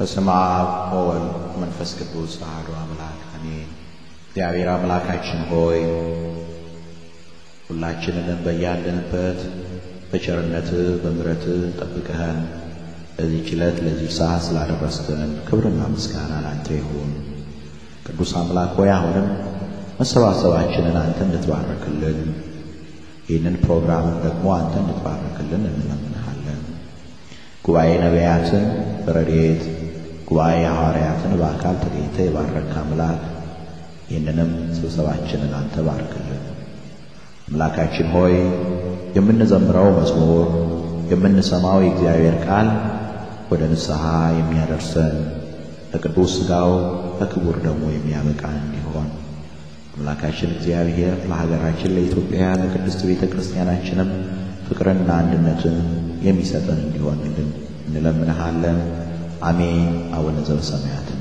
በስመ አብ ወወልድ መንፈስ ቅዱስ አሐዱ አምላክ አሜን። እግዚአብሔር አምላካችን ሆይ ሁላችንንም በያለንበት በቸርነት በምረት ጠብቀህን ለዚህ ችለት ለዚህ ሰዓት ስላደረስክን ክብርና ምስጋና ላንተ ይሁን። ቅዱስ አምላክ ሆይ አሁንም መሰባሰባችንን አንተ እንድትባረክልን ይህንን ፕሮግራምን ደግሞ አንተ እንድትባረክልን እንለምንሃለን። ጉባኤ ነቢያትን በረድኤት ጉባኤ ሐዋርያትን በአካል ተገኝተ የባረክ አምላክ ይህንንም ስብሰባችንን አንተ ባርክልን። አምላካችን ሆይ የምንዘምረው መዝሙር የምንሰማው የእግዚአብሔር ቃል ወደ ንስሐ የሚያደርሰን ለቅዱስ ሥጋው ለክቡር ደግሞ የሚያበቃ እንዲሆን አምላካችን እግዚአብሔር ለሀገራችን ለኢትዮጵያ ለቅድስት ቤተ ክርስቲያናችንም ፍቅርና አንድነትን የሚሰጠን እንዲሆን እንለምንሃለን። አሜን። አቡነ ዘበሰማያት